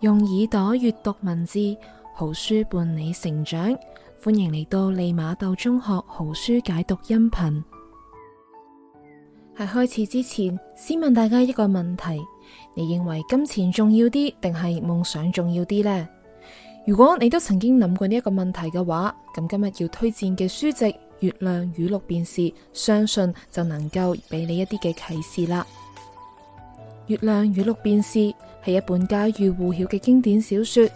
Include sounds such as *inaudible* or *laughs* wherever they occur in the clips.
用耳朵閱讀文字，好書伴你成長。歡迎嚟到利馬竇中學好書解讀音頻。喺開始之前，先問大家一個問題：你認為金錢重要啲，定係夢想重要啲呢？如果你都曾經諗過呢一個問題嘅話，咁今日要推薦嘅書籍《月亮與六便士》，相信就能夠俾你一啲嘅啟示啦。《月亮與六便士》係一本家喻戶曉嘅經典小說，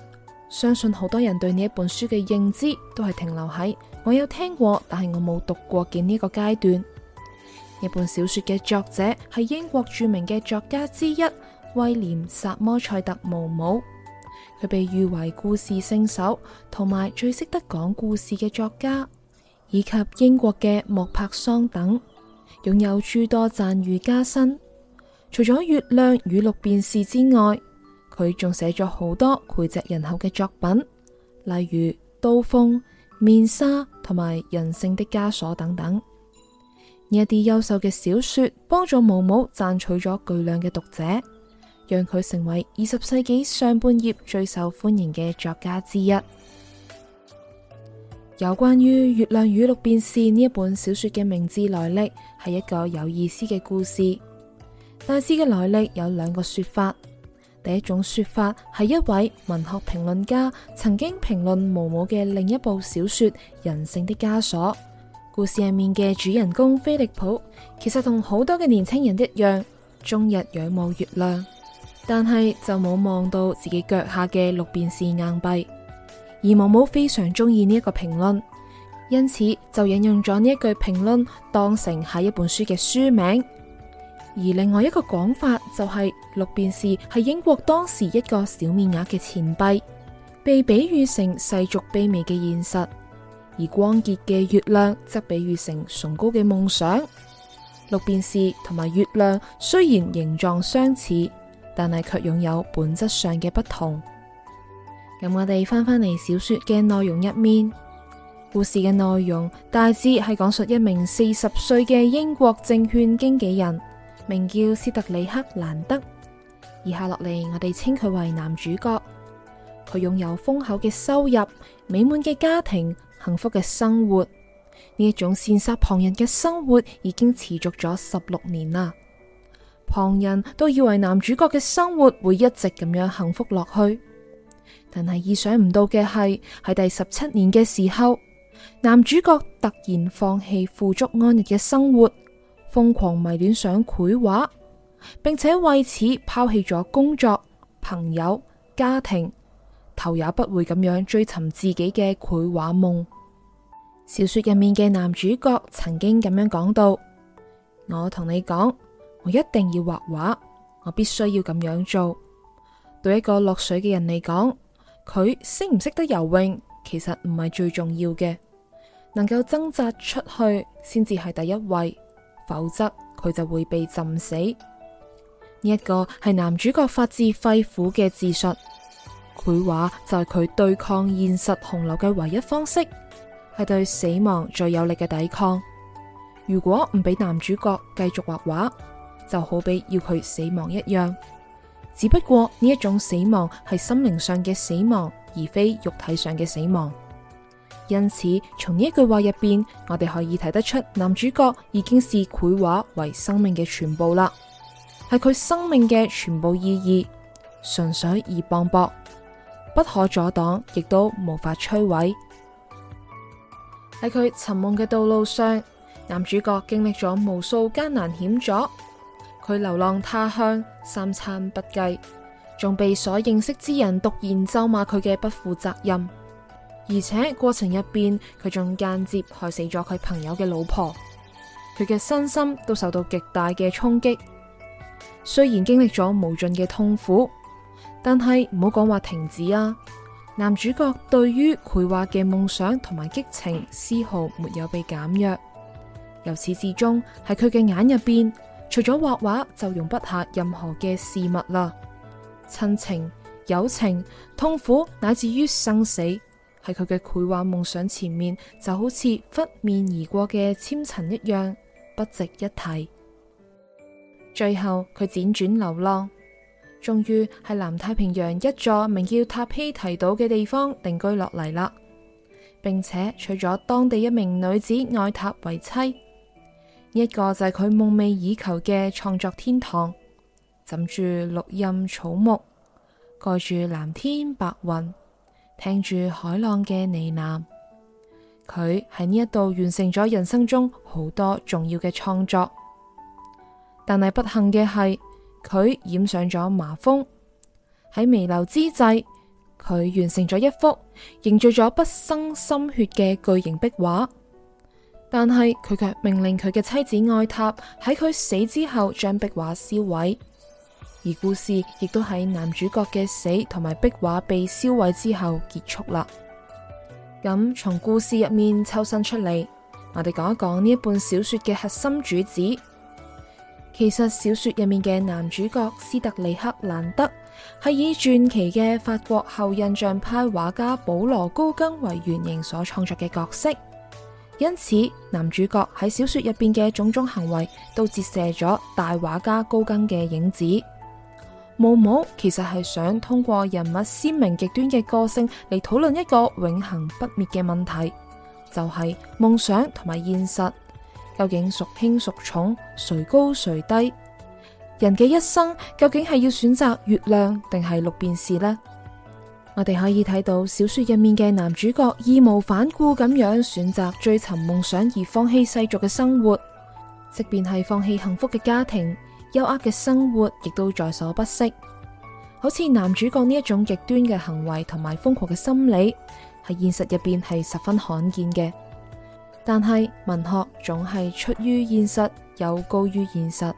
相信好多人對呢一本書嘅認知都係停留喺我有聽過，但係我冇讀過嘅呢個階段。呢本小說嘅作者係英國著名嘅作家之一，威廉·薩摩塞特·毛姆，佢被譽為故事聖手同埋最識得講故事嘅作家，以及英國嘅莫泊桑等，擁有諸多讚譽加身。除咗《月亮與六便士》之外，佢仲寫咗好多膾炙人口嘅作品，例如《刀鋒》《面紗》同埋《人性的枷鎖》等等。呢一啲優秀嘅小說幫助毛姆賺取咗巨量嘅讀者，讓佢成為二十世紀上半葉最受歡迎嘅作家之一。有關於《月亮與六便士》呢一本小說嘅名字來歷，係一個有意思嘅故事。《大志》嘅來歷有兩個說法。第一種說法係一位文學評論家曾經評論毛姆嘅另一部小說《人性的枷鎖》，故事入面嘅主人公菲利普其實同好多嘅年輕人一樣，終日仰望月亮，但係就冇望到自己腳下嘅六便士硬幣。而毛姆非常中意呢一個評論，因此就引用咗呢一句評論當成下一本書嘅書名。而另外一個講法就係、是、六便士係英國當時一個小面額嘅錢幣，被比喻成世俗卑微嘅現實；而光潔嘅月亮則比喻成崇高嘅夢想。六便士同埋月亮雖然形狀相似，但係卻擁有本質上嘅不同。咁我哋翻翻嚟小說嘅內容入面，故事嘅內容大致係講述一名四十歲嘅英國證券經紀人。名叫斯特里克蘭德，以下落嚟，我哋稱佢為男主角。佢擁有豐厚嘅收入、美滿嘅家庭、幸福嘅生活，呢一種羨煞旁人嘅生活已經持續咗十六年啦。旁人都以為男主角嘅生活會一直咁樣幸福落去，但係意想唔到嘅係喺第十七年嘅時候，男主角突然放棄富足安逸嘅生活。瘋狂迷戀上繪畫，並且為此拋棄咗工作、朋友、家庭，頭也不回咁樣追尋自己嘅繪畫夢。 *laughs* 小說入面嘅男主角曾經咁樣講到：我同你講，我一定要畫畫，我必須要咁樣做。對一個落水嘅人嚟講，佢識唔識得游泳其實唔係最重要嘅，能夠掙扎出去先至係第一位。否則佢就會被浸死。呢一個係男主角發自肺腑嘅自述，繪畫就係佢對抗現實洪流嘅唯一方式，係對死亡最有力嘅抵抗。如果唔俾男主角繼續畫畫，就好比要佢死亡一樣。只不過呢一種死亡係心靈上嘅死亡，而非肉體上嘅死亡。因此，從呢一句話入邊，我哋可以睇得出男主角已經視繪畫為生命嘅全部啦，係佢生命嘅全部意義，純粹而磅礴，不可阻擋，亦都無法摧毀。喺佢尋夢嘅道路上，男主角經歷咗無數艱難險阻，佢流浪他鄉，三餐不繼，仲被所認識之人突然咒罵佢嘅不負責任。而且過程入邊，佢仲間接害死咗佢朋友嘅老婆，佢嘅身心都受到極大嘅衝擊。雖然經歷咗無盡嘅痛苦，但係唔好講話停止啊！男主角對於繪畫嘅夢想同埋激情絲毫沒有被減弱。由始至終，喺佢嘅眼入邊，除咗畫畫就容不下任何嘅事物啦。親情、友情、痛苦乃至於生死。喺佢嘅繪畫夢想前面，就好似忽面而過嘅纖塵一樣，不值一提。最後，佢輾轉流浪，終於喺南太平洋一座名叫塔希提島嘅地方定居落嚟啦，並且娶咗當地一名女子愛塔為妻。一個就係佢夢寐以求嘅創作天堂，枕住綠蔭草木，蓋住藍天白雲。聽住海浪嘅呢喃，佢喺呢一度完成咗人生中好多重要嘅創作，但係不幸嘅係佢染上咗麻風，喺彌留之際，佢完成咗一幅凝聚咗畢生心血嘅巨型壁畫，但係佢卻命令佢嘅妻子愛塔喺佢死之後將壁畫燒毀。而故事亦都喺男主角嘅死同埋壁畫被銷毀之後結束啦。咁從故事入面抽身出嚟，我哋講一講呢一本小說嘅核心主旨。其實小說入面嘅男主角斯特里克蘭德，係以傳奇嘅法國後印象派畫家保羅高更為原型所創作嘅角色，因此男主角喺小說入邊嘅種種行為都折射咗大畫家高更嘅影子。毛姆其實係想通過人物鮮明極端嘅個性嚟討論一個永恒不滅嘅問題，就係、是、夢想同埋現實究竟孰輕孰重，誰高誰低？人嘅一生究竟係要選擇月亮定係六便士呢？我哋可以睇到小說入面嘅男主角義無反顧咁樣選擇追尋夢想而放棄世俗嘅生活，即便係放棄幸福嘅家庭，優渥嘅生活亦都在所不惜，好似男主角呢一種極端嘅行為同埋瘋狂嘅心理，喺現實入邊係十分罕見嘅。但係文學總係出於現實，又高於現實。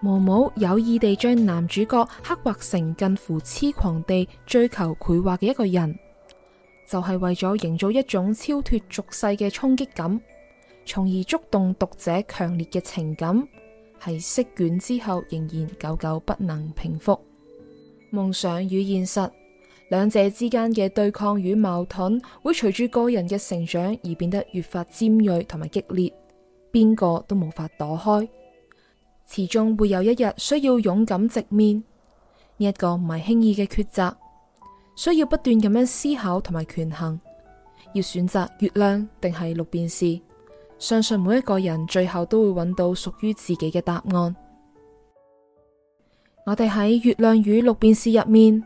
毛姆有意地將男主角刻畫成近乎痴狂地追求繪畫嘅一個人，就係、是、為咗營造一種超脫俗世嘅衝擊感，從而觸動讀者強烈嘅情感。係釋卷之後，仍然久久不能平復。夢想與現實兩者之間嘅對抗與矛盾，會隨住個人嘅成長而變得越發尖銳同埋激烈，邊個都無法躲開。始終會有一日需要勇敢直面呢一個唔係輕易嘅抉擇，需要不斷咁樣思考同埋權衡，要選擇月亮定係六便士。相信每一個人最後都會揾到屬於自己嘅答案。我哋喺《月亮與六便士》入面，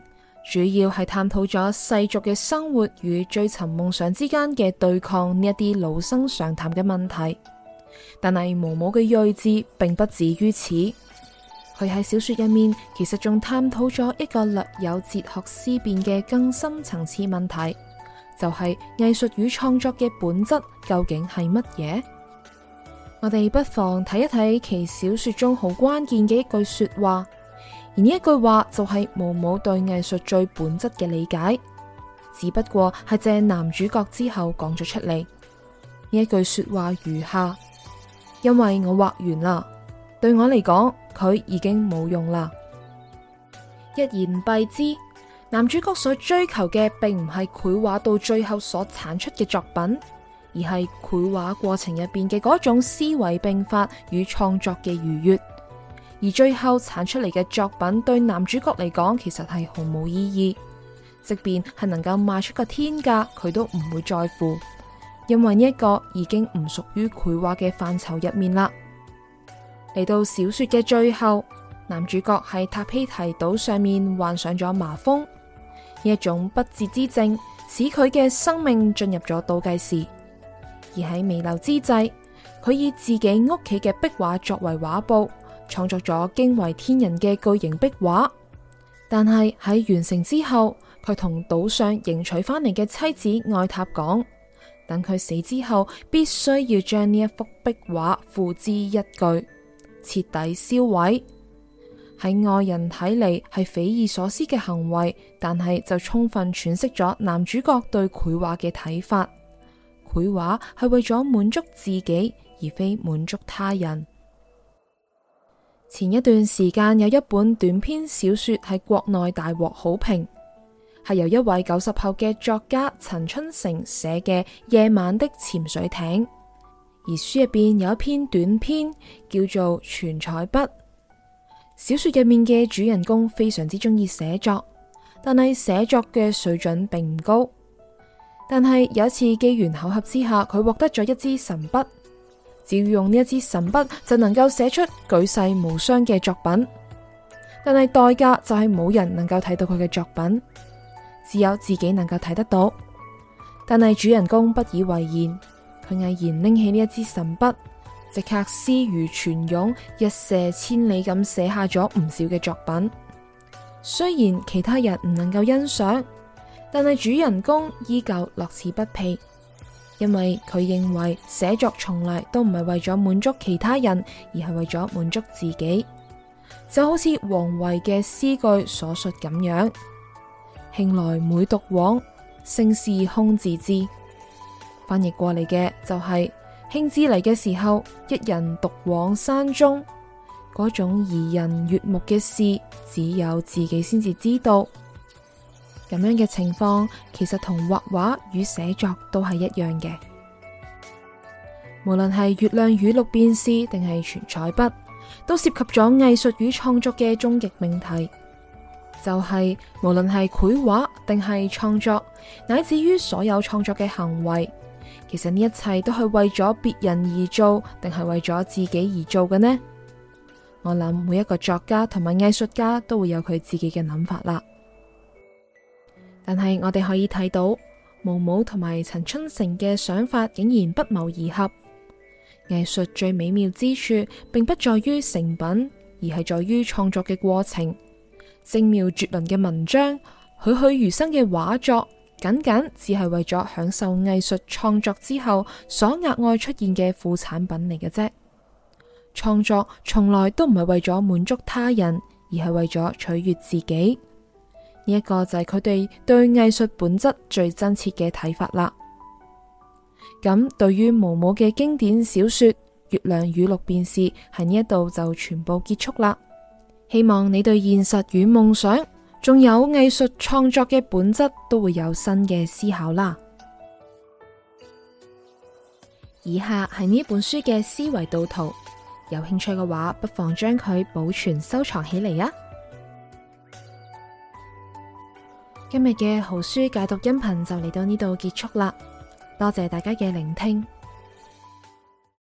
主要係探討咗世俗嘅生活與追尋夢想之間嘅對抗呢一啲老生常談嘅問題。但係毛姆嘅睿智並不止於此，佢喺小說入面其實仲探討咗一個略有哲學思辨嘅更深層次問題。就係藝術與創作嘅本質究竟係乜嘢？我哋不妨睇一睇其小說中好關鍵嘅一句說話，而呢一句話就係毛姆對藝術最本質嘅理解，只不過係借男主角之後講咗出嚟。呢一句說話如下：因為我畫完啦，對我嚟講，佢已經冇用啦。一言蔽之，男主角所追求嘅並唔係繪畫到最後所產出嘅作品，而係繪畫過程入邊嘅嗰種思維並發與創作嘅愉悅。而最後產出嚟嘅作品對男主角嚟講其實係毫無意義，即便係能夠賣出個天價，佢都唔會在乎，因為呢一個已經唔屬於繪畫嘅範疇入面啦。嚟到小說嘅最後，男主角喺塔希提島上面患上咗麻風。一種不治之症，使佢嘅生命進入咗倒計時。而喺彌留之際，佢以自己屋企嘅壁畫作為畫布，創作咗驚為天人嘅巨型壁畫。但係喺完成之後，佢同島上迎娶翻嚟嘅妻子愛塔講，等佢死之後，必須要將呢一幅壁畫付之一炬，徹底銷毀。喺外人睇嚟，係匪夷所思嘅行為，但係就充分詮釋咗男主角對繪畫嘅睇法。繪畫係為咗滿足自己，而非滿足他人。前一段時間有一本短篇小說喺國內大獲好評，係由一位九十後嘅作家陳春成寫嘅《夜晚的潛水艇》，而書入邊有一篇短篇叫做《傳彩筆》。小說入面嘅主人公非常之中意寫作，但係寫作嘅水準並唔高。但係有一次機緣巧合之下，佢獲得咗一支神筆，只要用呢一支神筆就能夠寫出舉世無雙嘅作品。但係代價就係冇人能夠睇到佢嘅作品，只有自己能夠睇得到。但係主人公不以為然，佢毅然拎起呢一支神筆。即刻詩如泉湧，一瀉千里咁寫下咗唔少嘅作品。雖然其他人唔能夠欣賞，但係主人公依舊樂此不疲，因為佢認為寫作從來都唔係為咗滿足其他人，而係為咗滿足自己。就好似王維嘅詩句所述咁樣：興來每獨往，勝事空自知。翻譯過嚟嘅就係、是。興致嚟嘅時候，一人獨往山中，嗰種怡人悅目嘅事，只有自己先至知道。咁樣嘅情況，其實同畫畫與寫作都係一樣嘅。無論係月亮與六便士，定係傳彩筆，都涉及咗藝術與創作嘅終極命題。就係、是、無論係繪畫定係創作，乃至於所有創作嘅行為。其實呢一切都係為咗別人而做，定係為咗自己而做嘅呢？我諗每一個作家同埋藝術家都會有佢自己嘅諗法啦。但係我哋可以睇到毛姆同埋陳春成嘅想法竟然不謀而合。藝術最美妙之處，並不在於成品，而係在於創作嘅過程。精妙絕倫嘅文章，栩栩如生嘅畫作。僅僅只係為咗享受藝術創作之後所額外出現嘅副產品嚟嘅啫。創作從來都唔係為咗滿足他人，而係為咗取悅自己。呢一個就係佢哋對藝術本質最真切嘅睇法啦。咁對於毛姆嘅經典小說《月亮與六便士》，喺呢一度就全部結束啦。希望你對現實與夢想。仲有藝術創作嘅本質都會有新嘅思考啦。以下係呢本書嘅思維導圖，有興趣嘅話，不妨將佢保存收藏起嚟啊！今日嘅好書解讀音頻就嚟到呢度結束啦，多謝大家嘅聆聽。